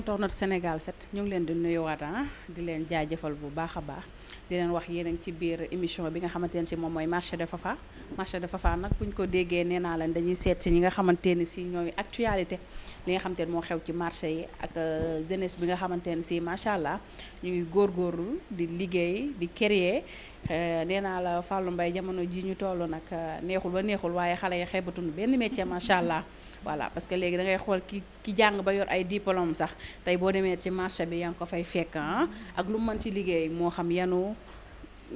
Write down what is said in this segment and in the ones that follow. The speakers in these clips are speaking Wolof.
internet Sénégal set ñoo ngi leen di nuyuwaat ah, di leen jaajëfal bu baax a baax di leen wax yéen ci biir émission bi nga xamante ne si moom mooy marché de Fafa marché de Fafa nag buñ ko déggee nee dañuy seet si ñi nga xamante ne si ñooy actualité li nga xamante ne moo xew ci marché yi ak euh, jeunesse bi nga xamante ne si macha allah ñu ngi góorgóorlu di liggéey di créer euh, nee naa la fàllu mbay jamono ji ñu toll nag euh, neexul ba neexul waaye xale yi xeebatuñu benn métier macha allah. voilà parce que léegi dangay xool ki ki jàng ba yor ay diplôme sax tey boo demee ci marché bi yaa ngi ko fay fekk ah, ak lu mën ci liggéey moo xam yanu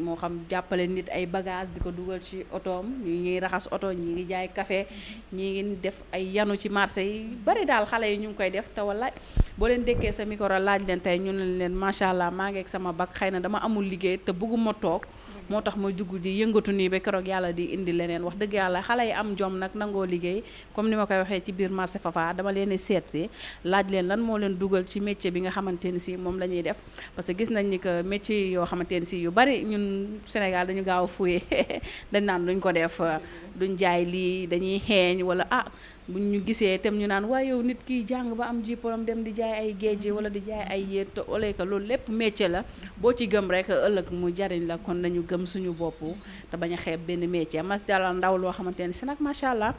moo xam jàppale nit ay bagage di ko dugal ci otoom ñi ngi raxas oto ñi ngi jaay kafe ñi ngi def ay yanu ci marché yi bari daal xale yi ñu ngi koy def te wala boo leen dékkee sa micro laaj leen tey ñu ne leen macha allah maa ngi ak sama bac xëy na dama amul liggéey te bëgguma toog moo tax ma jugg di yëngatu nii ba keroog yàlla di indi leneen wax dëgg yàlla xale yi am jom nag nangoo liggéey comme ni ma koy waxee ci biir marché Fafa dama leen seet si laaj leen lan moo leen dugal ci métier bi nga xamante ni si moom la ñuy def parce que gis nañ ni que métier yoo xamante ni si yu bari ñun Sénégal dañu gaaw a fuye dañ naan duñ ko def duñ jaay lii dañuy xeeñ wala ah buñ ñu gisee itam ñu naan waaye yow nit kiy jàng ba am diplôme dem di jaay ay géej wala di jaay ay yéet te oleeka loolu lépp métier la boo ci gëm rek ëllëg mu jariñ la kon nañu gëm suñu bopp te bañ a xeeb benn métier mas dala ndaw loo xamante ne si nag macha allah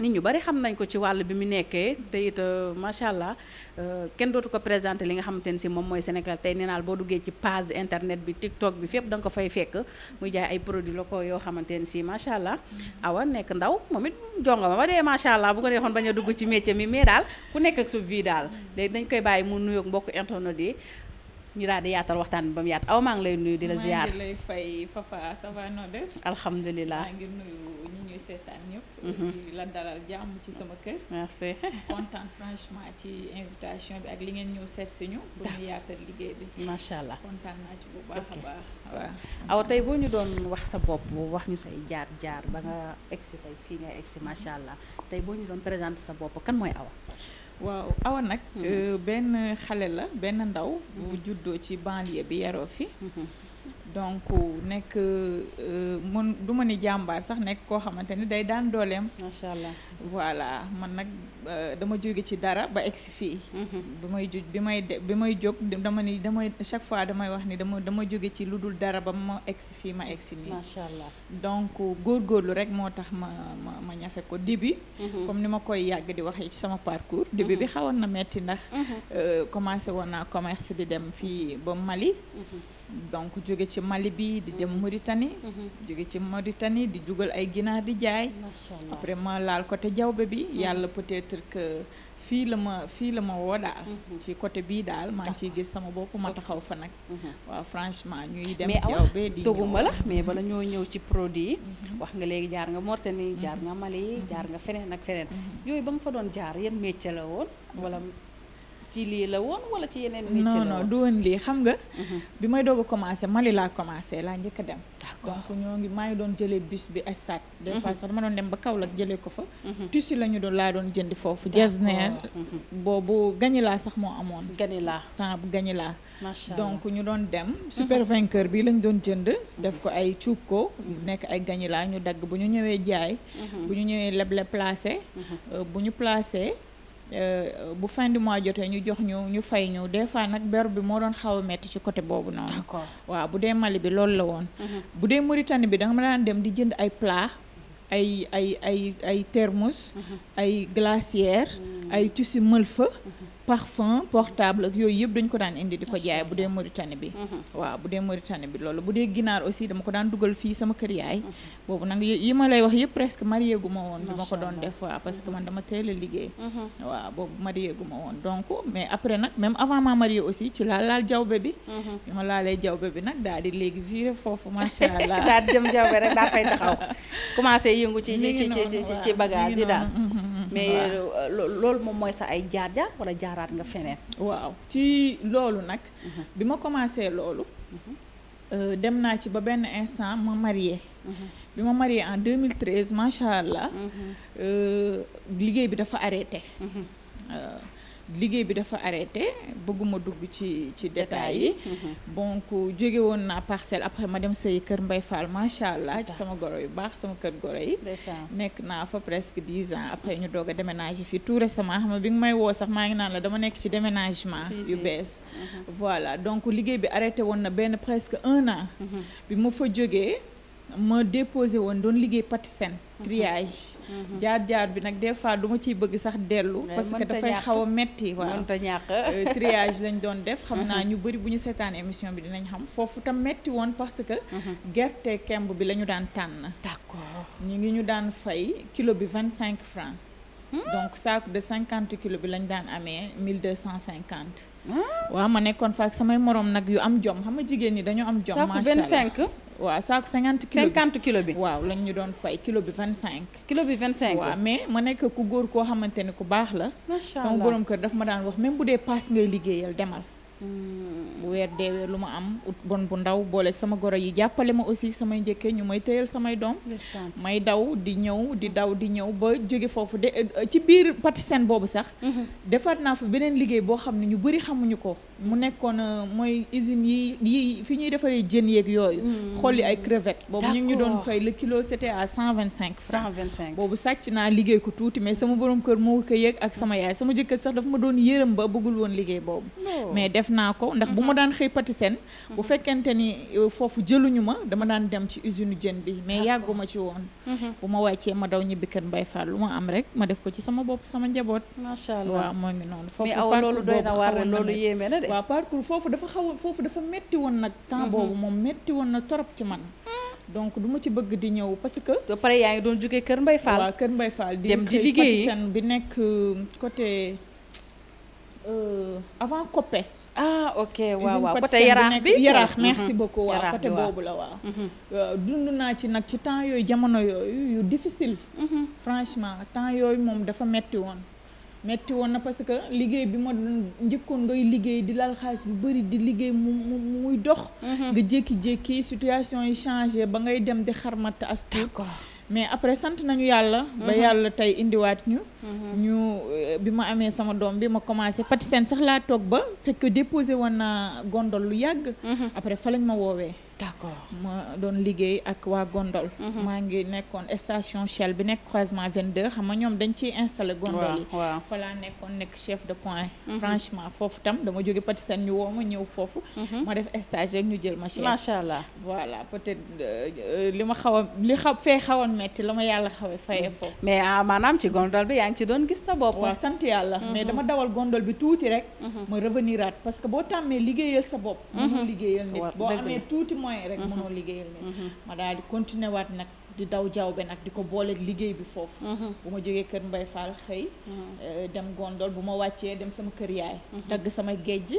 nit ñu bari xam nañ ko ci wàll bi mu nekkee te it euh, macha allah euh, kenn dootu ko présenter li nga xamante ne si moom mooy Sénégal tey nee naal boo duggee ci page internet bi TikTok bi fépp da nga ko fay fekk muy jaay ay produits locaux yoo xamante ne si macha allah awa nekk ndaw moom it jonga ma dee macha allah bu ko neexoon bañ a dugg ci métier mi mais daal ku nekk ak su vie daal léegi dañ koy bàyyi mu nuyoog mbokk internet yi ñu daal di yaatal waxtaan bi ba mu yaat aw maa ngi lay nuyu di la ziar maa ngi lay fay Fafa ça va noo def. alhamdulilah ngi nuyu ñi ñuy seetaan ñëpp. Mhm. la dalal jàmm ci sama kër. merci kontaan franchement ci invitation bi ak li ngeen ñëw seet si ñu. pour ñu yaatal liggéey bi. macha allah kontaan naa ci bu baax a baax. waaw aw tey boo ñu doon wax sa bopp wax ñu say jaar jaar ba nga egsi tey fii nga egsi macha allah tey boo ñu doon présenter sa bopp kan mooy aw waaw awa nag mhm. euh, benn xale la benn ndaw bu mhm. juddoo ci banlieue bi yaroo fi mhm. donc euh, nekk euh, mën du ma ni jàmbaar sax nekk koo xamante ni day daan dooleem. macha allah voilà man nag euh, dama jóge ci dara ba egg fii. Mhm. bi may ju bi may de bi may jóg dama ni damay chaque fois damay wax ni dama dama jóge ci lu dul dara ba ma egg fii ma egg si nii. macha allah donc rek moo tax ma ma ma ñafe ko début. Mhm. comme ni ma koy yàgg di waxee ci sama parcours. début bi mhm. xawoon na metti ndax. commencé woon naa commerce di dem fii ba Mali. donc jóge ci Mali bi di dem Mauritanie. Mhm. jóge ci Mauritanie di jugal ay ginaar di jaay. après ma laal côté jawbe bi. Mhm. yàlla peut-être que fii la ma fii la ma woo daal. Mhm. ci côté bii daal maa ngi ciy gis sama bopp ma taxaw fa nag. waaw franchement ñuy dem. jawbe di toguma la mais bala ñoo ñëw ci produit yi. wax nga léegi jaar nga Mauritanie jaar nga Mali jaar nga feneen ak feneen. yooyu ba nga fa doon jaar yan métier la woon wala. ci lii la woon wala ci yeneen. métier non non lii xam nga. Mhm. bi may doog commencé Mali commencé laa njëkk a dem. donc ñoo ngi maa ngi doon jëlee bus bi stade. des mhm. fois sax dama doon dem ba Kaolack jëlee ko fa. Mhm. tissu la ñu doon laa doon jënd foofu. jasner boobu gañi laa sax moo amoon. gañi temps bu gañi laa. donc ñu doon dem. super vainqueur bi lañ doon jënd. def ko ay cuub ko. nekk ay gañi ñu dagg bu ñu ñëwee jaay. bu ñu ñëwee leble placé. Euh, bu ñu placé. Euh, bu fin jotee ñu jox ñu ñu fay ñu des fois nag ber bi moo doon xaw a metti ci côté boobu noonu. d'accord waaw bu dee Mali bi loolu la woon. Mhm. bu dee Mauritanie bi danga nga ma daan dem di jënd ay plat ay ay ay ay thermos. Mhm. ay glacière mhm. ay tissu mëlfa. parfum portable ak yooyu yëpp dañ ko daan indi di ko jaay bu dee Mauritanie bi mhm. waaw bu dee Mauritanie bi loolu bu dee ginaar aussi dama ko daan dugal fii sama kër yaay mhm. boobu nag yi ma lay wax yëpp presque marié gu ma woon bi mhm. a mais après nag même avant ma marié aussi ci laal laal jawbe bi ma laalee jawbe bi nag daal di léegi viré foofu macha allah daal di jëm jawbe rek daa fay taxaw commencé yëngu ci ci ci ci yi daal Mm-hmm. mais loolu moom mooy sax ay jaar jaar wala jaaraat nga feneen. waaw ci loolu nag. Mm-hmm. bi ma commencé loolu. Mm-hmm. Euh, dem naa ci ba benn instant ma marié. bi ma marié en 2013 macha allah. Euh, liggéey bi dafa arrêté. Euh, liggéey bi dafa arrêté bëgguma dugg ci ci détails yi mhm. donc jóge woon naa parcelle après ma dem sëy kër Mbay Fall macha allah ci sama goro yu baax sama kër goro yi nekk naa fa presque dix ans après ñu doog a déménagé fii tout récemment xam nga bi nga may woo sax maa ngi naan la dama nekk ci déménagement yu bees mhm. voilà donc liggéey bi arrêté woon na benn presque un an mhm. bi mu fa jógee ma déposé woon doon liggéey Patisen mhm. triage mhm. jaar jaar bi nag des fois duma ci bëgg sax dellu parce que dafay xaw a metti waaw euh, triage lañ doon def xam mhm. naa ñu bëri bu ñu seetaan émission bi dinañ xam foofu tam metti woon parce que gerte kemb bi la ñu daan tànn d'accord ñu ngi ñu daan fay kilo bi vingt cinq francs hmm? donc saako de cinquante kilo bi lañ daan amee mille deux cent cinquante ah. waaw ma nekkoon fa ak samay morom nag yu am jom xam nga jigéen ñi dañoo am jom macha allah waaw saako cinquante kilo bi bi. waaw lañ ñu doon fay kilo bi vingt cinq. kilo bi vingt cinq. waaw mais ma nekk ku góor koo xamante ne ku baax la. macha allah sama borom kër daf ma daan wax même bu dee paas ngay liggéeyal demal. Mm. bu weer deewee lu ma am ut bon bu ndaw booleeg sama goro yi jàppale ma aussi samay njëkkee ñu may téyal samay doom may daw di ñëw di daw di ñëw ba jóge foofu de euh, euh, ci biir Patisen boobu sax mm-hmm. defar naa fa beneen liggéey boo xam ne ñu bëri xamuñu ko mu nekkoon euh, mooy usine yi yi fi ñuy defaree jën yeeg yooyu mm. xolli ay crevette boobu ñu ngi ñu doon fay le kilo c'était à cent vingt cinq cent vingt cinq boobu sàcc naa liggéey ko tuuti mais sama borom kër moo ko yëg ak sama yaay sama jëkkër sax dafa ma doon yërëm ba bëggul woon liggéey boobu def naa ko ndax bu ma mhm. daan xëy Patisen bu mhm. fekkente ni euh, foofu jëluñu ma dama daan dem ci usine jën bi mais yàgguma ci woon mhm. bu ma wàccee ma daw ñibbi kër Mbay Fall lu ma am rek ma def ko ci sama bopp sama njaboot macha allah waaw moo ngi noonu foofu loolu doy na waar loolu yéeme na de waaw parcours foofu dafa xaw foofu dafa metti woon nag temps boobu moom metti woon na torop ci man mm. donc du ma ci bëgg di ñëw parce que. ba pare yaa ngi doon jógee Kër Mbay Fall. Kër Mbay Fall di dem di liggéeyi bi nekk euh, côté euh, avant ah ok waaw mhm. waaw côté yaraax bi yaraax merci beaucoup waaw côté boobu la waaw mhm. euh, dund naa ci nag ci temps yooyu jamono yooyu yu difficile mhm. franchement temps yooyu moom dafa metti woon metti woon na parce que liggéey bi ma njëkkoon ngay liggéey di lal xaalis bu bëri di liggéey mu mu muy dox nga jékki-jékki situation yi changé ba ngay dem di xarmat as mais après sant nañu yàlla. ba mhm. yàlla tey indiwaat ñu. Mhm. ñu euh, bi ma amee sama doom bi ma commencé pati seen sax laa toog ba fekk déposé woon naa gondol lu yàgg. Mhm. après fa lañ ma woowee. d'accord ma doon liggéey ak waa gondol mhm. maa ngi nekkoon station Shell bi nekk croisement 22 xam nga ñoom dañ ciy installé gondol yi fa laa nekkoon nekk chef de point mhm. franchement foofu tam dama jóge Patisen ñu woo ma ñëw foofu mhm. ma def stage ñu jël ma chef macha allah voilà peut euh, li ma xaw a li xaw fee xawoon metti la ma yàlla xawee fayee foofu mais ah, maanaam ci gondol bi yaa ngi ci doon gis sa bopp waaw sant yàlla mais dama dawal gondol bi tuuti rek ma reveniraat parce que boo tàmmee liggéeyal sa bopp mënul liggéeyal nit moyen rek mënoo mhm. liggéeyal leen mhm. ma daal di continuer waat nag di daw jawbe nag di ko booleeg liggéey bi foofu mhm. bu ma jógee kër Mbay Fall xëy euh, dem gondol bu ma wàccee dem sama kër yaay dagg sama géej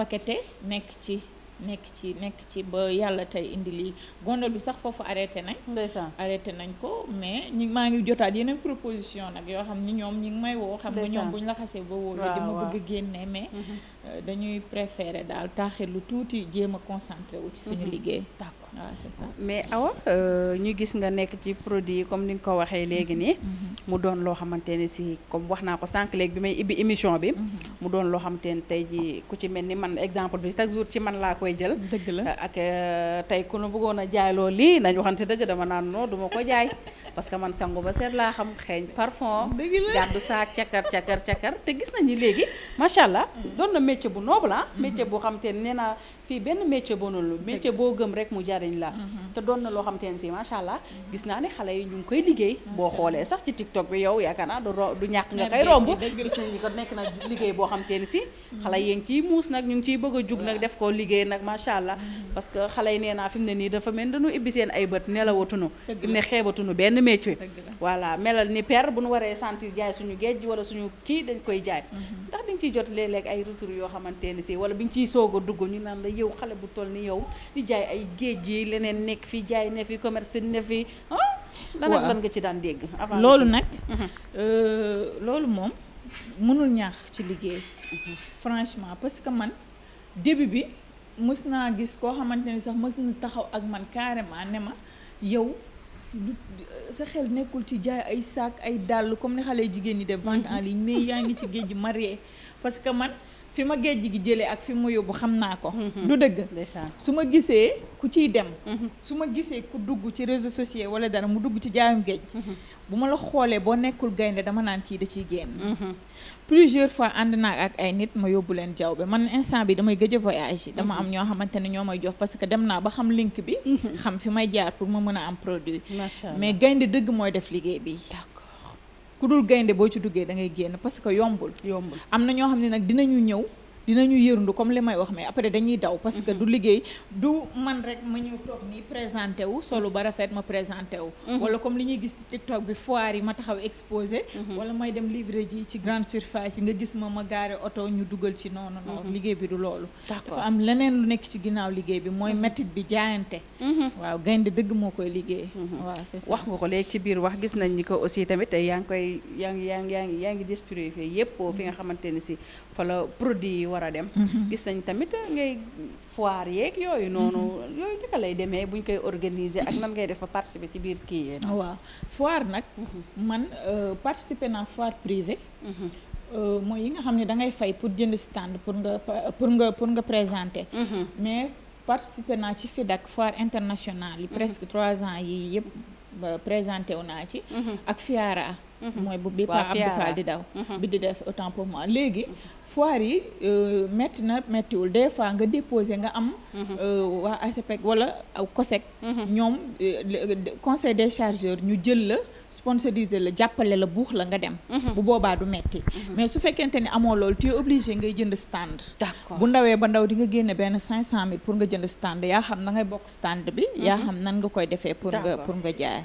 paqueté nekk ci nekk ci nekk ci ba yàlla tey indi lii gondol bi sax foofu arrêté nañ. ndeysaan arrêté nañ ko mais ñi maa ngi jotaat yeneen proposition nag yoo xam ni ñoom ñi ngi may woo. xam nga ñoom bu ñu la xasee ba woo. waaw dama bëgg génne mais. Mm-hmm. Euh, dañuy préférer daal taaxir lu tuuti jéem a concentré wu ci suñu mm-hmm. liggéey. waaw c'est ça mais awa euh, ñu gis nga nekk ci produit yi comme ni nga ko waxee léegi nii. Mm-hmm. Mm-hmm. mu doon loo xamante ne si comme wax naa ko sànq léegi bi may ibbi émission bi. Mm-hmm. mu doon loo xamante ne tey jii ku ci mel ni man exemple bi chaque jour ci man laa koy jël. dëgg la euh, ak euh, tey ku nu bëggoon a jaay loolu lii nañ waxante dëgg dama naan non du ma ko jaay. parce que man sangu ba seet laa xam xeeñ parfum. dëgg la gàddu saak cakar cakar cakar te gis nañ ni léegi macha allah. doon na métier bu noble ah. métier boo xam te nee naa fii benn métier bonul métier boo gëm rek njariñ la mm-hmm. te doon na loo xam te si macha allah mm-hmm. gis naa ne xale yi ñu ngi koy liggéey boo xoolee sax ci tiktok bi yow yaakaar naa du du ñàkk nga koy romb gis nañ ni ko nekk na liggéey boo si mm-hmm. a que xale yi ne nii dafa mel dañu ibbi seen ay bët nelawatuñu ne xeebatuñu benn métier voilà melal ni per bu ñu waree sentir jaay suñu géej wala suñu kii dañ koy jaay ndax di nga ciy jot léeg-léeg ay retour yoo xamante ne si wala bi nga ciy soog dugg ñu naan la yow xale bu toll ni yow di jaay ay géej ji leneen nekk fi jaay ne fi commerce ne fi ah. lan nga ci daan dégg. avant loolu nag. Mhm. Euh, loolu moom mënul ñaax ci liggéey. Mhm. franchement parce que man début bi mës naa gis koo xamante ni sax mës na taxaw ak man carrément ne ma yow. sa xel nekkul ci jaay ay sac ay dàll comme ni xale jigéen ñi def vente en mhm. ligne mais yaa ngi ci géej gi marié man. fi ma géej gi jëlee ak fi ma yóbbu xam naa ko. lu mhm. dëgg. su ma gisee ku ciy dem. Mhm. su ma gisee ku dugg ci réseau sociaux wala dana mu dugg ci jaayum géej. Mhm. bu ma la xoolee boo nekkul gaynde dama naan kii da ciy génn. plusieurs fois ànd naa ak ay nit ma yóbbu leen jaww bi man instant bi damay gëj a voyage dama am ñoo xamante ne ñoo may jox parce que dem naa ba xam link bi. xam fi may jaar pour ma mën a am produit. mais gaynde dëgg mooy def liggéey bi. ku dul gaynde boo ci duggee dangay génn parce que yombul. yombul am na ñoo xam ne nag dinañu ñëw. dina ñu yërndu comme li may wax mais après dañuy daw parce que mhm. du liggéey du man rek ma ñëw toog nii présenté wu solo ba rafet ma présenté wu mhm. wala comme li ñuy gis ci TikTok bi foire yi ma taxaw exposé mhm. wala may dem livre ji ci grande surface yi nga gis ma ma gaare oto ñu dugal ci noonu noonu liggéey bi du loolu dafa am leneen lu nekk ci ginnaaw liggéey bi mooy métit bi jaayante waaw gaynde dëgg moo koy liggéey waaw c'est ça wax nga ko ci biir wax gis nañ ni ko aussi tamit yaa ngi koy yaa ngi yaa ngi yaa ngi distribué yëpp fi nga xamante ni si fa la produit war a dem mhm. gis nañ tamit ngay foire yeeg yooyu mhm. noonu yooyu naka lay demee buñ koy organiser ak nan ngay def ba participer ci biir kii yee ah, waaw foire nag mhm. man euh, participer naa foire privée euh, mooy yi nga xam ni dangay ngay fay pour jënd stand pour nga pour nga pour nga présenter mais participer naa ci FIDAK foire internationale yi presque trois ans yi yëpp présenté naa ci ak FIARA Mhm. mooy bu bi Pa Abdou Fall di daw mhm. bi di def autant léegi foire yi euh, métti na méttiwul des fois nga déposé nga am mhm. euh, waa ASEPEC wala aw COSEC ñoom euh, conseil de chargeurs ñu jël la sponsorisé la jàppale la buux la nga dem bu boobaa du metti mais su fekkente ni amoo loolu tu es obligé ngay jënd stand bu ndawee ba ndaw di nga génne benn cinq cent mille pour nga jënd stand yaa xam na ngay bokk stand bi yaa xam nan nga koy defee pour nga pour nga jaay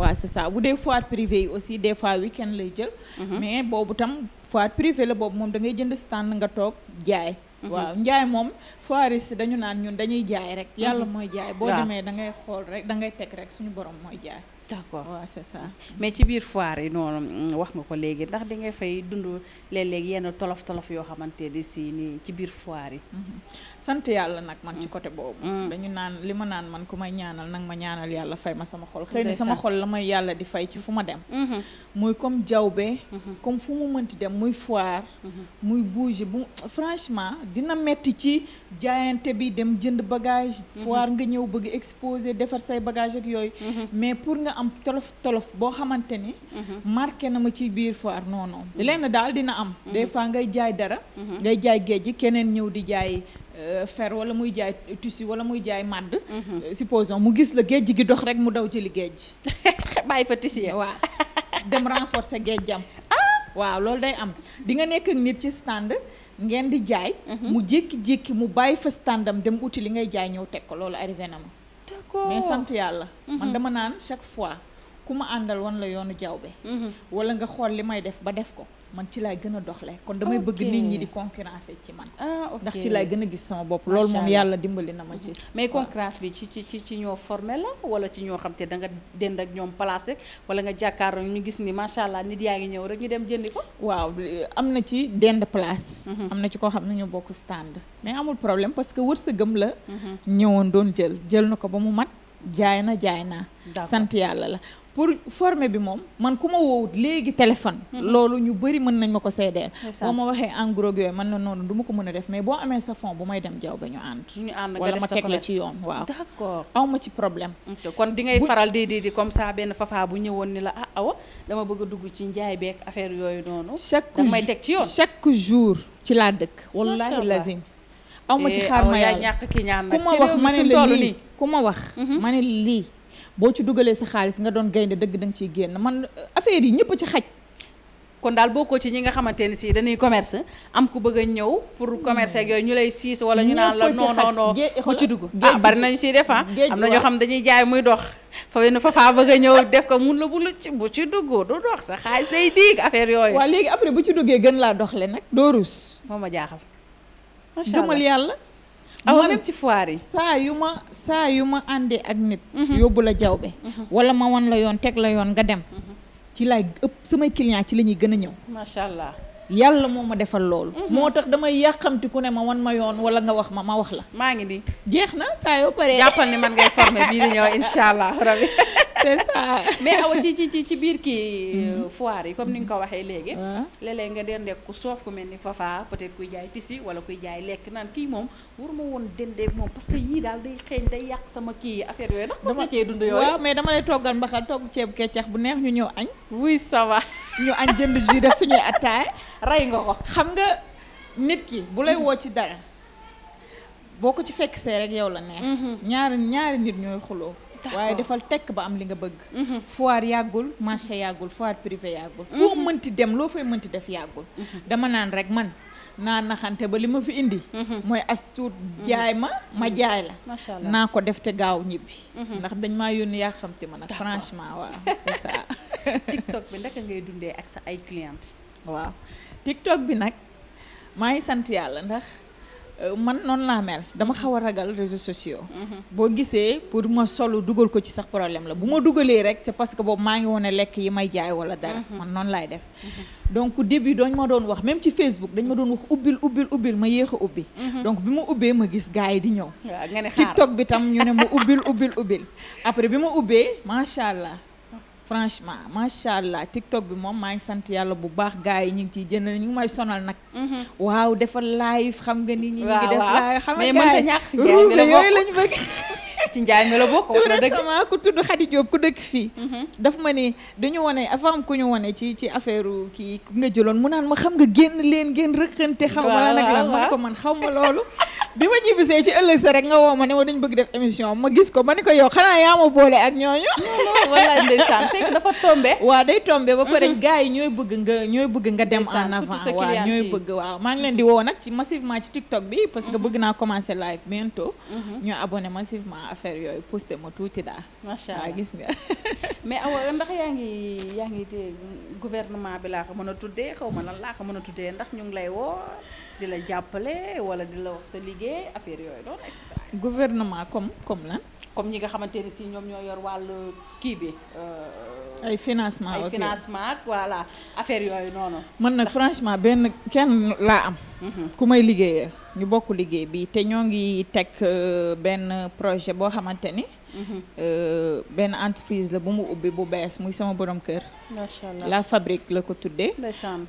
waaw c'est bu dee weekend lay jël mhm. mais boobu tam foire privée la boobu moom dangay ngay jënd stand nga toog jaay mhm. waaw njaay moom foiriste dañu naan ñun dañuy jaay rek mhm. yàlla mooy jaay boo demee da ngay xool rek da ngay teg rek suñu borom mooy jaay d'accord waaw c'est ça mais ci biir foire yi noonu mm, wax nga ko léegi ndax di ngay fay dund léeg-léeg yenn tolof tolof yoo xamante ne si nii ci biir foire yi. Mm-hmm. sant yàlla nag man ci mm. côté boobu. Mm. dañu naan li ma naan man ku may ñaanal nag ma ñaanal yàlla fay ma sama xol. xëy na sama xol la may yàlla di fay ci fu ma dem. Mm-hmm. muy comme jawbe mm-hmm. comme fu mu mënti dem muy foire. muy bouger bu franchement dina metti ci jaayante bi dem jënd bagage. foire nga ñëw bëgg exposer defar say bagage am tolof tolof boo xamante ni. Mhm. marqué na ma ci biir foire noonu mhm. lenn daal dina am. Mhm. des fois ngay jaay dara. ngay jaay gejj keneen ñëw di jaay. Euh, fer wala muy jaay tissu wala muy jaay màdd euh, supposons mu gis la gejj gi dox rek mu daw jëli géej bàyyi fa tissu ya waaw dem renforcer géej ah! waaw loolu day am di nga nekk ak nit ci stand ngeen di jaay mu jékki-jékki mu bàyyi fa standam dem uti li ngay jaay ñëw teg ko loolu arrivé na ma d'accord mais sant yàlla. man mhm. dama naan chaque fois ku ma àndal woon la yoonu jaaw bi mhm. wala nga xool li may def ba def ko. man ci laay gën a doxle kon damay bëgg nit ñi di concurrencer ci man ah, ndax ci lay gën a gis sama bopp loolu moom yàlla dimbali na ma ci mm-hmm. mais concurrence bi ci ci ci ci ñoo formé la wala ci ñoo xam te da nga dend ak ñoom place rek wala nga jàkkaarloo ñu gis ni macha allah nit yaa ngi ñëw rek ñu dem jëndi ko waaw am na ci dend place mm-hmm. am na ci koo xam ne ñu bokk stand mais amul problème parce que wërsëgam la mm-hmm. ñëwoon doon jël jël na ko ba mu mat jaay na jaay naa sant yàlla la pour former bi moom man ku ma woowut léegi téléphone mhm. loolu ñu bari mën nañ ma ko seedeel boo ma waxee en gros yooyu man la noonu duma ko mën a def mais boo amee sa fond bu may dem jaw ba ñu ànd wala ma teg la ci yoon waaw d'accord aw ma ci problème kon di ngay faral di di di comme ça benn fafa bu ñëwoon ni la ah awa dama dugg ci njaay affaire yooyu noonu chaque jour may teg ci yoon chaque jour ci laa dëkk wallahi lazim aw ma ci eh, xaar ma yàlla ku ma wax ma ne la lii ku ma wax mhm. ma ne lii boo ci dugalee sa xaalis nga doon gaynde dëgg danga ciy génn man affaire yi ñëpp ci xaj kon daal bokkoo ci ñi nga xamante ne sii dañuy commerce am ku bëgg a ñëw pour commerce ak yooyu ñu lay siis wala ñu naan la non non non ku ci dugg ah bari nañ si def ah am na ñoo xam dañuy jaay muy dox fa wenn fa faa bëgg a def ko mun la bu lu bu ci dugg du dox sa xaalis day diig affaire yooyu waa léegi après bu ci duggee gën laa doxle nag doo rus moom ma jaaxal gëmal yàlla awa même ci foire yi saa yu ma saa yu ma àndee ak nit mhm. yóbbu la jawbe mhm. wala ma wan la yoon teg la yoon nga dem mhm. ci laay ëpp samay client ci la ñuy gën a ñëw macha allah yàlla moo ma defal loolu. Mhm. moo tax damay yàqamti ku ne ma wan ma yoon wala nga wax ma ma wax la. maa ngi nii jeex na saa yoo paree. jàppal ni man ngay former bii di ñëw incha allah rabi. mais awa ci ci ci biir kii mhm. euh, foire yi comme ni nga ko waxee léegi. Ah. léeg-léeg nga dendeeg ku soof ku mel ni Fafa peut-être kuy jaay tissu wala kuy jaay lekk naan kii moom war ma woon dendeeg moom parce que yii daal day xeeñ day yàq sama kii affaire yooyu ndax. dama cee dund yooyu mais dama lay toggal mbaxal togg ceeb keccax bu neex ñu ñëw añ. wuy ça ñu añ jënd jus def suñuy attaay rey nga ko xam nga nit ki bu lay woo ci dara boo ko ci fekk see rek yow la neex mhm. ñaari ñaari nit ñooy xuloo waaye defal tekk ba am li nga bëgg mhm. foire yàggul marché yàggul foire privé yàggul mhm. foo mënti dem loo fay mënti def yàggul dama naan rek man naa naxante ba li ma fi indi mooy as tuut jaay ma ma jaay la naa ko def te gaaw ñibbi ndax dañ maa yónni yaa xamte ma nag franchement waaw c'est ça TikTok bi naka ngay dundee ak sa ay cliente waaw TikTok bi nag maa ngi sant yàlla ndax euh, man noonu laa mel dama xaw a ragal réseaux sociaux. Mhm. boo gisee pour ma solo dugal ko ci sax problème la bu ma dugalee rek te parce que boobu maa ngi wane lekk yi may jaay wala dara. Mhm. man noonu laay def. Mhm. donc début dañ ma doon wax même ci Facebook dañ ma doon wax ubbil ubbil ubbil ma yéex a ubbi. donc bi ma ubbee ma gis gars yi di ñëw. nga ne xaar TikTok bi tam ñu ne ma ubbil ubbil ubbil. après bi ma ubbee macha allah. franchement macha TikTok bi moom maa ngi sant yàlla bu baax gars yi ñu ngi ciy jënd ñu ngi may sonal nag. Mm-hmm. waaw defal live xam nga nit ñi. ñu ngi def live xam nga mais mënta ñàkk si njaay mi la bokk yooyu lañu bëgg. ci njaay mi la bokk wax na dëgg tout ku tudd Khady Diop ku dëkk fii. Mm-hmm. daf ma ni dañu wane avant ku ñu wane ci ci affaire kii nga jëloon mu naan ma xam nga génn leen génn rëkkante. xam nga lan man ko man xaw ma loolu. bi ma ñibbisee ci ëllëg sa rek nga woo ma ne ma dañ bëgg def émission ma gis ko ma ne ko yow xanaa yaa ma boole ak ñooñu. wala ndeysaan fekk dafa tombé. waaw day tombé ba mm-hmm. gars yi ñooy bëgg nga ñooy bëgg nga dem. en avant waaw ñooy bëgg waaw maa ngi leen di woo nag ci massivement ci TikTok bi. parce que mm-hmm. bëgg naa commencer live bientôt. Mm-hmm. ñu abonné massivement affaire yooyu posté ma tuuti daal. macha allah gis nga. mais awa ndax yaa ngi yaa ngi gouvernement bi laa ko mën a tuddee xaw ma lan laa ko mën a tuddee ndax ñu ngi lay woo. di la jàppale wala di la wax sa liggéey affaire yooyu noonu et gouvernement comme comme lan. comme ñi nga xamante ne si ñoom ñoo yor wàllu kii bi. Euh, ay financement ay ak voilà affaire yooyu noonu. mën nag franchement benn kenn laa am. Mhm. ku may liggéeyal. ñu bokk liggéey bi te ñoo ngi teg euh, benn projet boo xamante ni. Mhm. Euh, benn entreprise la bu mu ubbi bu bees muy sama borom kër. macha allah la fabrique la ko tuddee.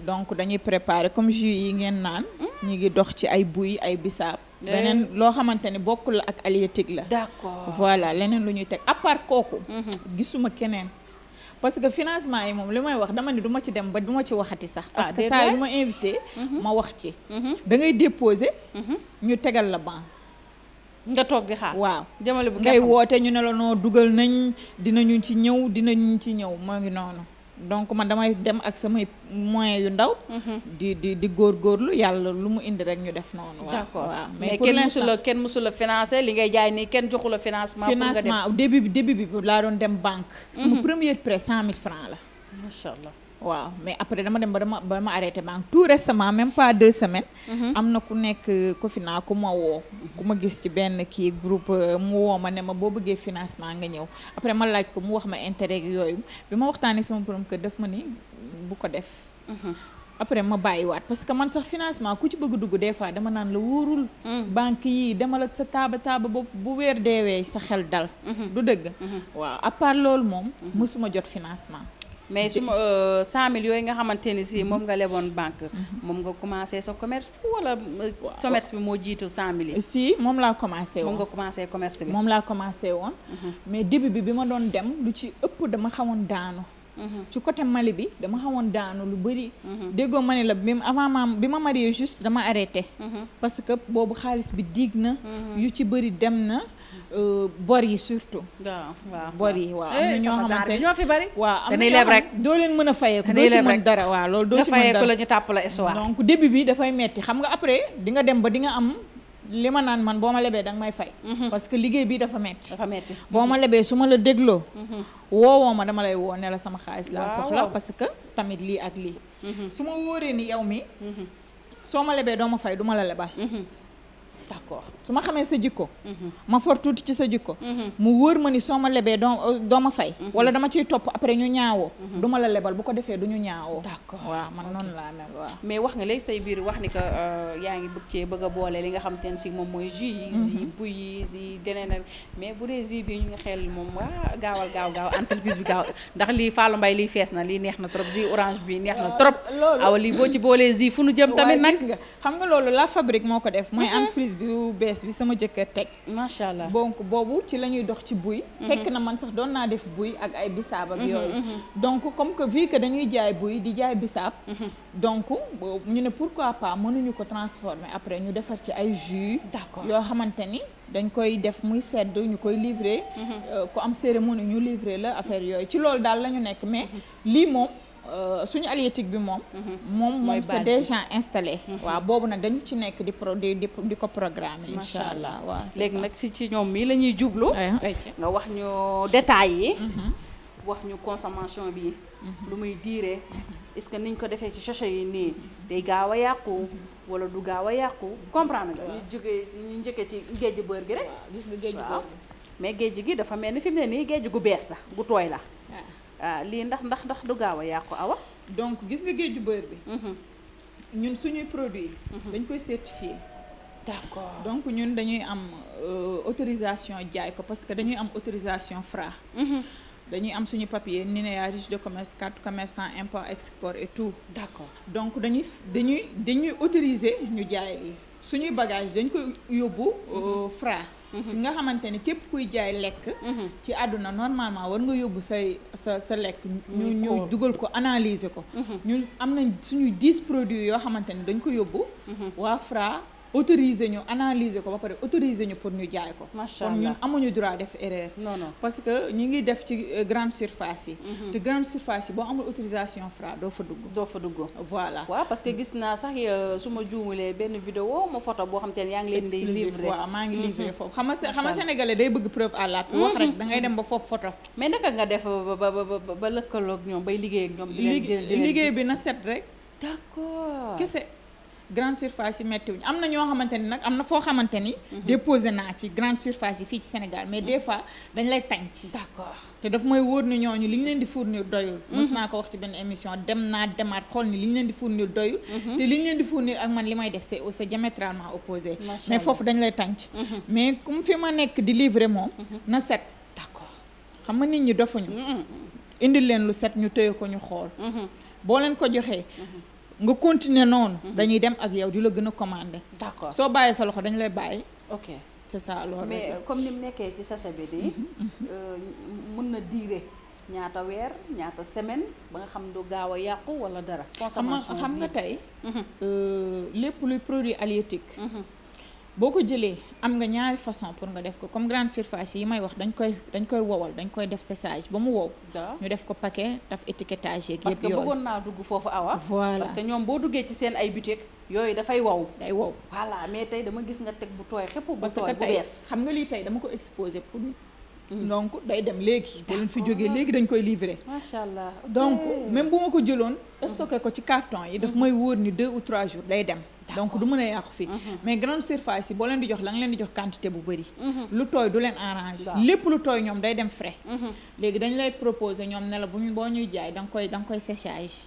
donc dañuy préparer comme jus yi ngeen naan. Mhm. ñu ngi dox ci ay buy ay bisaab. Eh. beneen loo xamante ni bokkul ak halieutique la. d'accord voilà leneen lu ñuy teg à part mhm. gisuma keneen. parce que financement yi moom li may wax dama ne du ma ci dem ba du ma ci waxati sax. Ah, parce que saa yu ma invité. Mhm. ma wax ci. Mhm. da ngay déposer. Mhm. ñu tegal la ban. nga toog di xaar waaw jëmale bu ngay woote ñu ne la noo dugal nañ dina ñu ci ñëw dinañu ci ñëw moo ngi noonu. donc man damay dem ak samay moyens yu ndaw. Mhm. di di di góor góorgóorlu yàlla lu mu indi rek ñu def noonu. waaw d'accord mais kenn mësu la kenn mësu la financé li ngay jaay nii kenn joxu la financement. pour nga def financement début bi début bi laa doon dem banque. sama mhm. première prêt cent mille francs la. macha allah. waaw mais après dama dem ba dama ba ma arrêté banque tout récemment même pas deux semaines. Mhm. am na ku nekk ku fi naa ku ma woo. ku ma gis ci benn kii groupe euh, mu woo ma ne ma boo bëggee financement nga ñëw après ma laaj ko mu wax ma intérêt yooyu bi ma waxtaanee sama borom kër daf ma ni bu ko def. Mhm. après ma bàyyiwaat parce que man sax financement ku ci bëgg dugg dee fois dama naan la wóorul. Mm. banque yi demal ak sa taaba taaba ba bu weer deewee sa xel dal. Mhm. du dëgg. waaw loolu moom. mësuma jot financement. mais su ma 100000 euh, yooyu nga xamante ni si moom nga leboon banque. moom nga commencé sa commerce wala. sa commerce bi moo jiitu 100000 yi. si moom laa commencé woon moom commencé commerce bi. moom laa commencé woon. Mhm. mais début bi bi ma doon dem lu ci ëpp dama xawoon daanu. Mhm. ci côté Mali bi dama xawoon daanu lu bëri. Mhm. déggoo ma ne la même avant ma bi ma marié juste dama arrêté. parce que boobu xaalis bi diig na. yu ci bëri dem na. Euh, bor yi surtout. waaw waaw bor yi waaw. Eh, am na ñoo xamante ñoo fi bari. waaw am na leb rek doo leen mën a fayeeku. doo si mën dara waaw loolu doo si mën dara la ñu bi dafay metti xam nga après di nga dem ba di nga am. li ma naan man boo ma lebee danga may fay. Mhm. parce que liggéey bi dafa metti dafa metti boo ma lebee su ma la dégloo. Mhm. woowoo ma dama lay woo ne la sama xaalis laa soxla. parce que tamit lii ak lii. Mhm. su ma wóoree ni yow mi soo ma lebee doo ma fay du ma la lebal. d'accord su ma xamee sa jikko. Mhm. ma for tuuti ci sa jikko. Mhm. mu wóor ma ni soo ma lebee doo doo ma fay. Mhm. wala dama ciy topp après ñu ñaawoo. du ma la lebal bu ko defee du ñu ñaawoo. d'accord waaw man noonu laa mel waaw. mais wax nga léegi say biir wax ni que euh, yaa ngi bëgg cee bëgg a boole li nga xam te ne si moom fabrique moo ko def mooy entreprise bu bees bi sama jëkkër teg. macha allah donc boobu ci la ñuy dox ci buy. Mhm. fekk na man sax doon naa def buy ak ay bisaab ak mhm, yooyu. Mhm. donc comme que vu que dañuy jaay buy di jaay bisaab. donc ñu ne pourquoi pas mënuñu ko transformer après ñu defar ci ay jus. d'accord yoo xamante ni. dañ koy def muy sedd ñu koy livrer. Euh, ku am cérémonie ñu livre la affaire yooyu ci loolu daal lañu nekk mais lii moom. Euh, suñu halieutique bi moom. Mhm. moom moom c'est déjà installé. Mhm. waaw boobu nag dañu ci nekk di pro di di ko programme incha allah waaw léegi nag si ci ñoom mii la ñuy jublu. nga wax ñu détails yi. Mhm. wax ñu consommation bi. lu muy diire. est-ce que niñ ko defee ci sachet yi nii day gaaw a yàqu wala du gaaw a yàqu comprendre nga. ñu jógee ñu njëkkee ci géej bër gi rek. gis nga géej mais géej gi dafa mel ni fi mu ne nii géej gu bees la gu tooy la. Euh, lii ndax ndax ndax du gaaw a yàqu awa. donc gis nga géeju beurre bi. Mhm. ñun suñuy produit mhm. dañ koy certifié. d'accord donc ñun dañuy am euh, autorisation jaay ko parce que dañuy am autorisation Fra. Mhm. dañuy am suñu papier NINEA de commerce carte commerçant import export et tout. d'accord donc dañuy dañuy dañuy autoriser ñu jaay suñuy bagage dañ koy yóbbu euh, Fra. fi nga xamante ne képp kuy jaay lekk mhm. ci àdduna normalement war nga yóbbu say sa sa lekk ñu mm-hmm. ñu oh. dugal ko analyser ko mhm. ñu am nañ suñu dix produits yoo xamante ne dañ ko yóbbu mhm. waa Fra autoriser ñu analyser ko ba pare autoriser ñu pour ñu jaay ko. macha allah kon ñun amuñu droit def erreur. non parce que ñu ngi def ci euh, grande surface yi. Mhm. te grande surface yi boo amul autorisation Fra doo fa dugg. doo fa dugg voilà. waaw parce que gis naa sax euh, su ma juumulee benn vidéo ma photo boo xam te ne yaa ngi leen di. livré maa ngi livré mhm. foofu. xam nga xam nga day bëgg preuve à l'appui. wax rek mhm. da ngay dem ba foofu photo. mais naka nga def ba ba ba ba lëkkaloo ñoom bay liggéey ak ñoom. di leen di liggéey bi na set rek. d'accord kese. grande surface yi méttiwuñu am na ñoo xamante ni nag am na foo xamante ni mhm. déposé naa ci grande surface yi fii ci Sénégal mais des mhm. dañ lay tànc te daf may wóor ni ñooñu li ñu leen di fournir doyul mhm. mos naa ko wax ci benn émission dem naa demaat xool ni li ñu leen di fournir doyul te li ñu leen di fournir ak man li may def c'est aussi diamétralement mais foofu dañ lay tànc mais comme fi ma nekk di livrer moom na set d'accord xam nga nit ñi dofuñu indil leen lu set ñu téye ko ñu xool boo leen ko joxee nga continuer noonu. Mhm. dañuy dem ak yow di la gën a commander. d'accord soo bàyyee sa loxo dañu lay bàyyi. ok c'est ça loolu mais euh, comme ni mu nekkee ci sa sebe nii. mën mhm, mhm. euh, na diire ñaata weer ñaata semaine ba nga xam du gaaw a yàqu wala dara. consommation xam nga tey. Euh, lépp luy produit halieutique. boo ko jëlee am nga ñaari façon pour nga def ko comme grande surface yi may wax dañ koy dañ koy wowal dañ koy def séchage ba mu wow. ñu def ko paquet daf étiquetage yeeg yëpp parce naa dugg foofu awa. voilà ñoom boo duggee ci seen ay boutique yooyu dafay wow. day wow voilà mais tey dama gis nga teg bu tooy xepp bu tooy bu bees xam nga lii tey dama ko exposé pour. Mm. donc day dem léegi. te luñ fi jógee léegi dañ koy livré. macha allah donc même bu ma ko jëloon. stocké ko ci carton yi. daf mm-hmm. may wóor ni deux ou trois jours day dem. donc du mën a yàqu fii mhm. mais grande surface yi boo leen di jox la nga leen di jox quantité bu bëri mhm. lu tooy du leen arrangé lépp lu tooy ñoom day dem frais mhm. léegi dañ lay proposer ñoom ne boo ñuy jaay da koy da nga koy séchage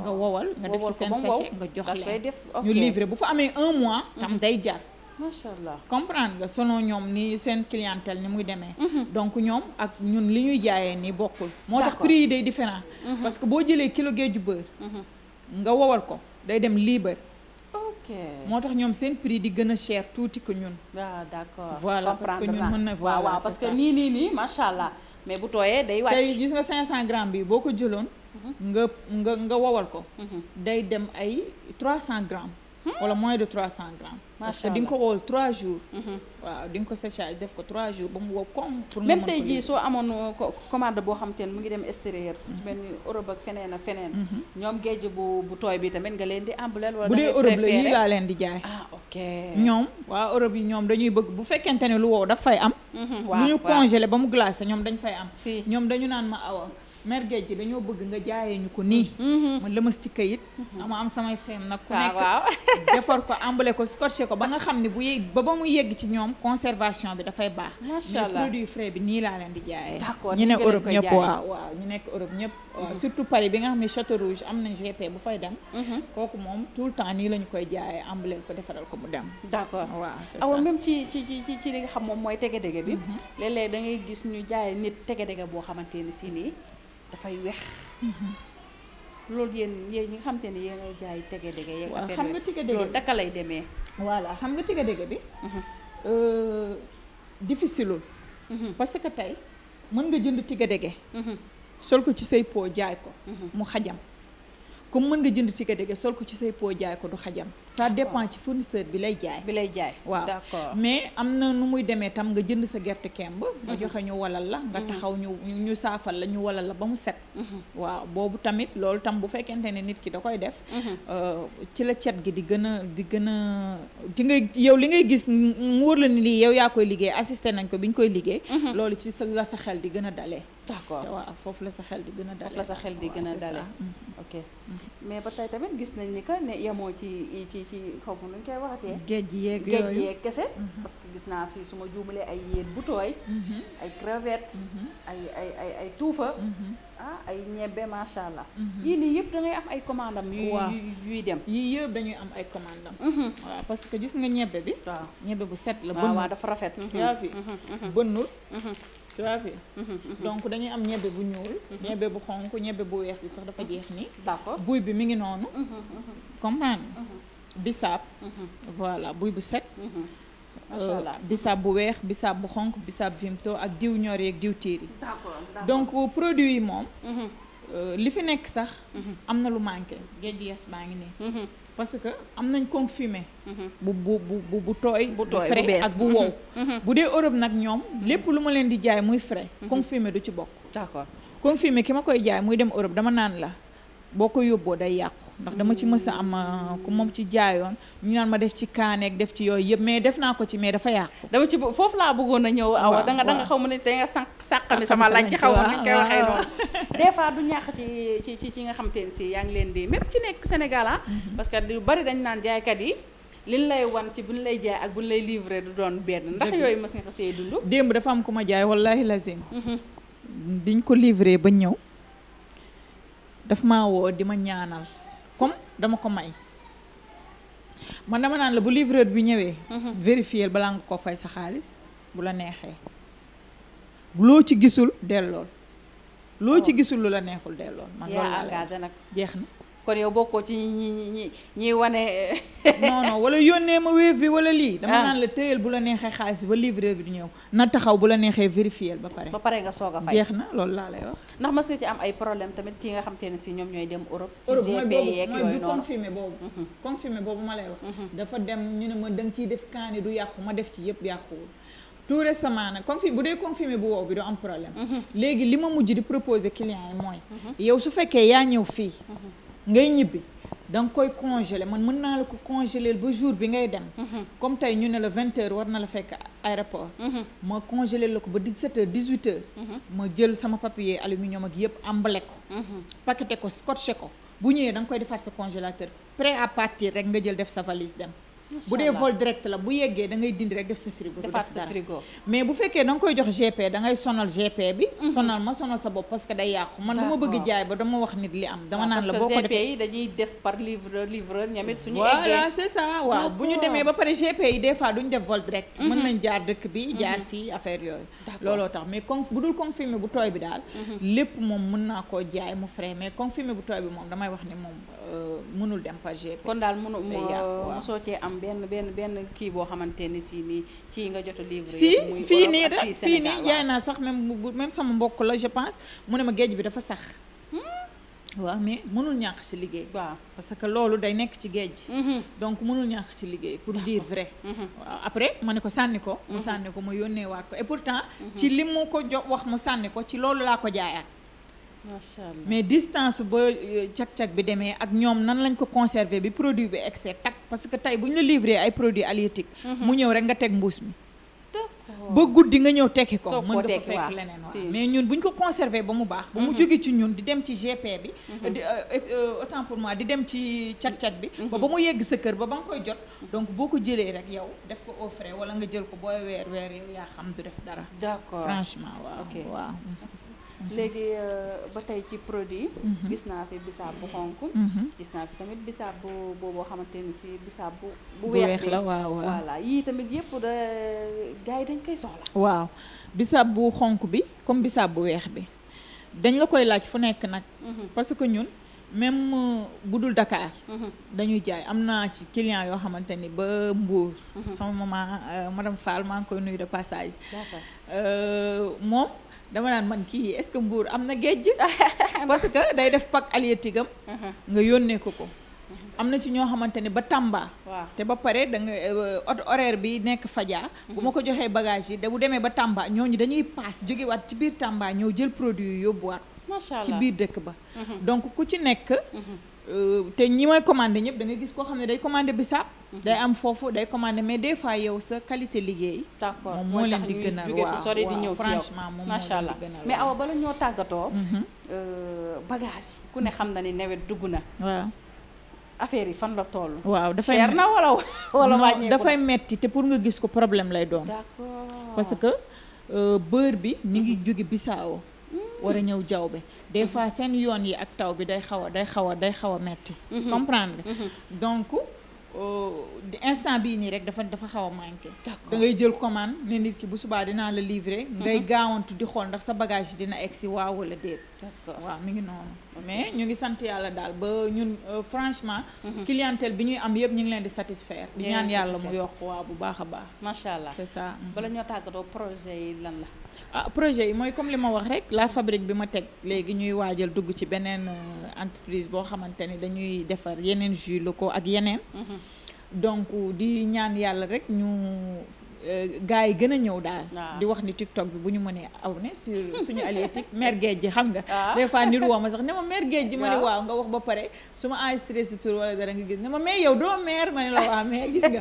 nga wowal nga def ci seen séché nga jox leen ñu livrer bu fa amee un mois tam day jar macha allah comprendre nga selon ñoom ni seen clientèle ni muy demee donc ñoom ak ñun li ñuy jaayee ni bokkul moo tax prix yi day différent parce que boo jëlee kilo géeju beurre nga ko day dem libre moo tax ñoom seen prix di gën a cher tuuti que ñun. waaw ah, d'accord voilà parce que ñun mën na. voilà waaw parce que nii nii nii macha allah mais bu tooyee day wàcc. tey gis nga 500 grammes bi boo ko jëloon. Mhm. nga nga nga wowal ko. Mhm. day dem ay 300 grammes. Hmm? wala moins de trois cent grammes. parce que ko wool trois jours. waaw di nga ko séchage def ko trois jours ba mu wow comme. pour même tey jii soo amoon euh, commande boo xam ne mu ngi dem extérieur. mel ni Europe ak feneen ak feneen. ñoom gejj bu bu tooy bi tamit nga leen di ambaleel. wala bu dee Europe la yii laa leen di jaay. Ah, ñoom waa Europe yi ñoom dañuy bëgg bu fekkente ne lu wow dafay am. waaw waaw ñu congelé ba mu glacé ñoom dañ fay am. si ñoom dañu naan ma awa. mer géej dañoo bëgg nga jaayee ñu ko nii mm-hmm. ma lëmas ci kayit mm-hmm. ama am samay feem nag ku ah, nekk defar ko emballé ko scotché ko ba nga xam ne bu yëg ba ba mu yegg ci ñoom conservation bi dafay baax macha allah produit frais bi nii laa leen di jaayee ñu ne Europe ñëpp waaw waaw ñu nekk Europe mm-hmm. surtout Paris bi nga xam ne Château Rouge am na GP bu fay dem kooku moom tout le temps nii la koy jaayee emballé ko defaral ko mu dem d'accord waaw c'est ça awa même ci ci ci ci li nga xam moom mooy tege-dege bi léeg-léeg da ngay gis ñu jaay nit tege-dege boo xamante ni si nii dafay weex mhm. loolu yéen yéen ñi nga xam te ne yéen a jaay tege dege yeeg affaire xam nga tege dege loolu lay demee voilà xam nga tege dege bi mhm. euh, difficile mhm. parce que tey mën nga jënd tege dege sol ko ci say pot jaay ko mu xajam comme mën nga jënd tege dege sol ko ci say pot jaay ko du xajam ça dépend ci fournisseur bi lay bi lay jaay waaw mais am na nu muy demee tam nga jënd sa gerte kemb. nga mhm. joxe ñu walal la. nga mhm. taxaw ñu ñu saafal la ñu walal la ba mu set. Mhm. waaw boobu tamit loolu tam bu fekkente ne nit ki da koy def. Euh, ci la cet gi di gën a di gën a di ngay yow li ngay gis mu wóor la ni lii yow yaa koy liggéey assisté nañ ko bi ñu koy liggéey. loolu ci sa la sa xel di gën a dalee. d'accord waaw foofu la sa xel di gën a dalee. foofu la sa xel di gën a dalee. ok ci ci xaw ma nuñ koy waxatee. géej gi yeeg yooyu géej kese. Mhm. parce que gis naa fii su ma juumalee ay yéen bu tooy. Mhm. ay crevette. Mhm. ay ay ay ay tuufa. ah ay ñebbe macha allah. yii nii yëpp da am ay commande am. yu yuy dem yii yëpp dañuy am ay commande am. waaw parce que gis nga ñebbe bi. waaw ñebbe bu set la. bënnul dafa rafet. yaa fi bënnul. donc dañuy am ñebbe bu ñuul ñebbe bu xonk ñebbe bu weex bi sax dafa jeex nii buy bi mi ngi noonu comprendre bisaab. Mhm. voilà buy bu set. Mhm. Euh, macha allah bisaab bu weex bisaab bu xonk bisaab vimto ak diw ñor yeeg diw tiir yi. d'accord donc produit yi moom. Mhm. Euh, li fi nekk sax. am na lu manqué géej gi yes baa ngi nii. parce que am nañ confirmé. bu bu bu bu tooy. bu tooy bu bees ak bu wow. bu dee Europe nag ñoom lépp lu ma leen di jaay muy frais. confirmé du ci bokk. d'accord confirmé ki ma koy jaay muy dem Europe dama naan la. boo ko yóbboo day yàqu ndax dama ci mës a am uh, ku moom ci jaayoon ñu naan ma def ci kaaneeg def ci yooyu yëpp mais def naa ko ci mais dafa yàqu dama ci foofu laa bëggoon a ñëw awa danga xaw ma ne da nga sànq sàqami ah, sama laaj ci xaw ma ni koy waxee noonu ah. des fois ci ci ci nga xam ne si yaa leen di même ci nekk Sénégal ah mm-hmm. que du bari dañ naan jaaykat yi liñ lay wan ci buñ lay jaay ak buñ lay livré du doon benn ndax yooyu mës nga ko see dund démb dafa am ku ma jaay wallahi lazim mm-hmm. biñ ko livre ba ñëw dafa ma woo di ma ñaanal comme dama ko may man dama naan la bu livreur bi ñëwee mhm. vérifier balaa nga ko fay sa xaalis bu la neexee loo ci gisul dellool loo ci oh. gisul lu la neexul dellool man loolu laa engagé nag jeex na kon yow bokkoo ci ñi ñi ñi wane. Eh. non non wala yónnee ma wéef bi wala lii. dama ah. naan la téyel bu la neexee xaalis ba livre bi di ñëw na taxaw bu la neexee vérifier ba pare. ba pare nga soog a fay jeex na loolu laa lay wax. ndax mas nga ci am ay problème tamit ci nga xam te ne si ñoom ñooy dem Europe. ci GP e yeeg yooyu noonu Europe mooy boobu mhm. confirmé ma lay wax. Mhm. dafa dem ñu ne ma da nga ciy def kaani du yàqu ma def ci yëpp yàquwul. tout récemment nag confi bu dee confirmé bu wow bi doo am problème. Mhm. léegi li ma mujj di proposé client yi mooy. ngay ñibbi da koy congeler man mën naa la ko congeler ba jour bi ngay dem. Mhm. comme tey ñu ne la vingt heures war na la fekk aéroport. Mhm. ma congeler la ko ba dix sept heures dix huit mhm. ma jël sama papier aluminium ak yëpp emballé ko. paqueté ko scotché ko bu ñëwee da koy defar sa congélateur prêt à partir rek nga jël def sa valise dem. bu dee vol direct la bu yeggee da ngay dindi rek def sa frigo. defaat sa frigo mais bu fekkee da nga koy jox GP da sonal GP bi. Mhm. sonal ma sonal sa bopp parce que day yàqu. man dama bëgg jaay ba dama wax nit li am. dama naan la boo ko defee yi dañuy def par livre ñamit suñu. eggee bu ñu demee ba pare GP yi des fois duñ def vol direct. Mhm. mën nañ jaar dëkk bi mhm. jaar fii affaire yooyu. looloo tax mais comme bu tooy bi daal. lépp moom mën naa koo jaay mu benn benn benn kii boo xamante ni si nii ci nga jot a livre si fii nii da fii nii jaay naa sax même même sama mbokk la je pense mu ne ma géej bi dafa sax hmm? waaw mais mënul ñàkk ci liggéey waaw parce que loolu day nekk ci géej hmm. donc mënul ñàkk ci liggéey pour dire vrai hmm. waaw après ma ne ko sànni ko mu sànni ko mu yónnee waat ko et pourtant ci li mu ko jox wax mu sànni ko ci loolu laa ko jaayaat macha allah mais distance ba euh, cag-cag bi demee ak ñoom nan lañ ko conserver bi produit bi excès tak parce que tey bu ñu la livrer ay produits halieutiques mhm. mu ñëw rek nga teg mbuus mi ba guddi nga ñëw tekki ko mën nga fekk leneen waaw mais ñun bu ñu ko conserver ba mu baax ba mu mhm. jóge ci ñun di dem ci GP bi mhm. di euh, euh, autant pour moi di dem ci cat-cat bi ba ba mu yegg sa kër ba ba nga koy jot donc boo ko jëlee rek yow def ko au frais wala nga jël ko booy weer weer yaa xam du def dara d'accord franchement waaw waaw Mhm. léegi euh, ba tey ci produit mhm. gis naa fi bisaab bu xonk mhm. gis naa fi tamit bisaab booboo xamante ni si bisaab bu bu weex la waaw waaw yii tamit yëpp da gars yi dañ koy soxla waaw bisaab bu xonk bi comme bisaab bu weex bi dañ la koy laaj fu nekk nag parce que ñun même euh, bu dul Dakar dañuy jaay am naa ci client yoo xamante ni ba Mbour sama maman euh, madame Fall maa ngi koy nuyu de passage moom dama naan man kii est-ce que Mbour am na géej parce que day def pack halieutique am uh-huh. nga yónnee ko ko am na ci ñoo xamante ne ba Tamba waaw te ba pare da nga euh, oto horaire bi nekk Fadia bu ma ko uh-huh. joxee bagage yi da bu demee ba Tamba ñooñu dañuy paas jógewaat ci biir Tamba ñëw jël produit yu yóbbuwaat macha allah ci biir dëkk ba uh-huh. donc ku ci nekk Euh, te ñi may commandé ñëpp da nga gis koo xam ne day commandé bisaab day am foofu day commandé mais des fois yow sa qualité liggéey. d'accord moom moo leen di gën a di ñëw franchement moom macha allah mais awa bala ñoo tàggatoo. Mhm. Euh, bagage yi ku ne mhm. xam na ni nawet dugg na. waaw affaire yi fan la toll. waaw dafay cher na wala wala wàññeeku dafay metti te pour nga gis ko problème lay doon. d'accord parce que euh, beurre bi ni ngi jóge Bissau. war a ñëw jawbe des fois seen yoon yi ak taw bi day xaw a day xaw a day xaw a metti mm-hmm. Mm-hmm. comprendre nga mm-hmm. euh, di instant bii nii rek dafa dafa xaw a manqué da ngay jël commande ne nit ki bu subaa dinaa la livrer ngay gaawantu di xool ndax sa bagage dina egsi waaw wala déet waaw mi ngi noonu mais ñu ngi sant yàlla daal ba ñun euh, franchement mhm. clientèle bi ñuy am yëpp ñu ngi leen di satisfaire di ñaan yàlla mu yokk waaw bu baax a baax macha allah c'est ça mhm. bala ñoo tàggatoo projet yi lan la ah projet yi mooy comme li ma wax rek la fabrique bi ma teg léegi ñuy waajal dugg ci beneen euh, entreprise boo xamante ni dañuy defar yeneen jus locaux ak yeneen mhm. donc di ñaan yàlla rek ñu Euh, gars yi gën a ñëw daal. Ah. di wax ni TikTok bi bu ñu mënee aw ne sur suñu allié tik mère ji xam nga. Ah. des fois nit woo ma sax ne ma mère géej ma ne nga wax ba pare su ma enregistré si tur wala dara nga gis ma yow doo mère ma ne la waa mais gis nga.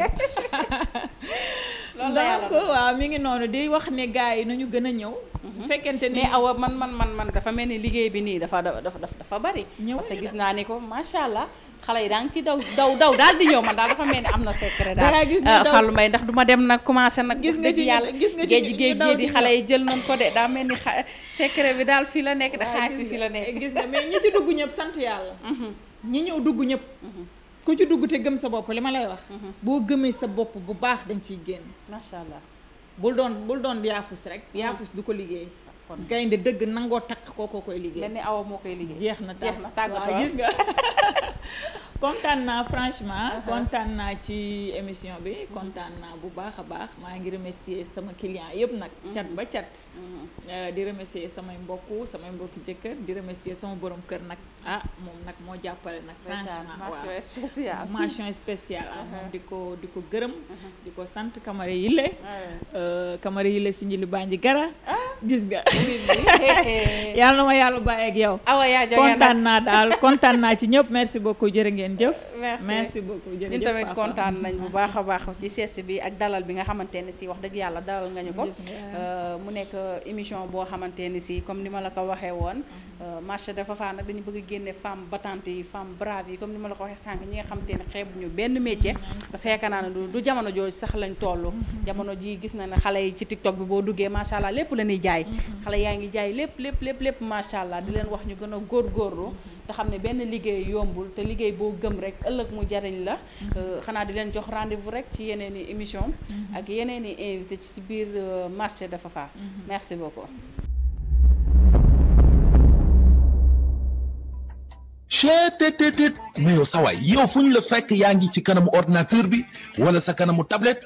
donc waaw mi ngi noonu di wax ne gars yi nañu gën a ñëw. bu mhm. fekkente ni mais awa man man man man dafa mel ni liggéey bi nii dafa dafa dafa bari. ñëw parce gis naa ni ko macha allah. xale yi daa ngi ci daw daw daw daal di ñëw man daal dafa mel ni am na secret daal ah, Fallou Mbaye ndax du dem nag commencé nag gis nga ci yàlla gis nga ci géej géej géej di xale yi jël nañ ko daa mel ni secret bi daal fii la nekk da ah, xaalis la nekk gis nga mais ñi ci dugg ñëpp sant yàlla mhm. ñi ñëw dugg ñëpp mhm. ku ci dugg te gëm sa bopp li ma lay wax mhm. boo gëmee sa bopp bu baax dañ ciy génn macha allah bul doon bul doon yaafus rek yaafus du ko liggéey kon gaynde dëgg nangoo taq kookoo koy liggéey. benn awa jeex na jeex na tàggatoo gis nga. kontaan naa franchement kontaan naa ci émission bi kontaan naa bu baax a baax maa ngi remercier sama client yëpp nag mhm. cat ba cat mhm. euh, di remercier samay mbokk samay mbokki jëkkër di remercier sama borom kër nag ah moom nag moo jàppale nag franchement mention spécial mention ah, di ko di ko gërëm di ko sant Kamara Yile Kamara euh, Yile si njili baa nji gara ah. gis nga yàlla na ma yàlla bàyyi ak yow ah kontaan naa daal kontaan naa ci ñëpp merci beaucoup jërë ngeen jëf. merci merci beaucoup jërëjëf kontaan nañ bu baax a baax ci sees bi ak dalal bi nga xamante ne si wax dëgg yàlla dalal nga ñu ko. Euh, mu nekk euh, émission boo xamante ne si comme ni ma la ko waxee woon. Mm-hmm. Euh, marché dafa faa nag dañu bëgg génne femme battante yi femme brave yi comme ni ma la ko waxee sànq ñi nga xamante ne xeebuñu benn métier. Mm-hmm. parce que yaakaar naa du du jamono jooju sax lañ toll. Mm-hmm. jamono ji gis na ne xale yi ci TikTok bi boo duggee macha allah lépp la ñuy jaay. xale yaa ngi jaay lépp lépp lépp lépp macha allah di leen wax ñu gën a góorgóorlu te xam ne benn liggéey yombul te liggéey boo gëm rek ëllëg mu jariñ la mm-hmm. euh, xanaa di leen jox rendez-vous rek ci yeneen i émission mm-hmm. ak yeneen i invité ci biir euh, marché dafa faa mm-hmm. merci beaucoup chetttt mais yow sawaay yow fu ñu la fekk yaa ngi ci kanamu ordinateur bi wala sa kanamu tablette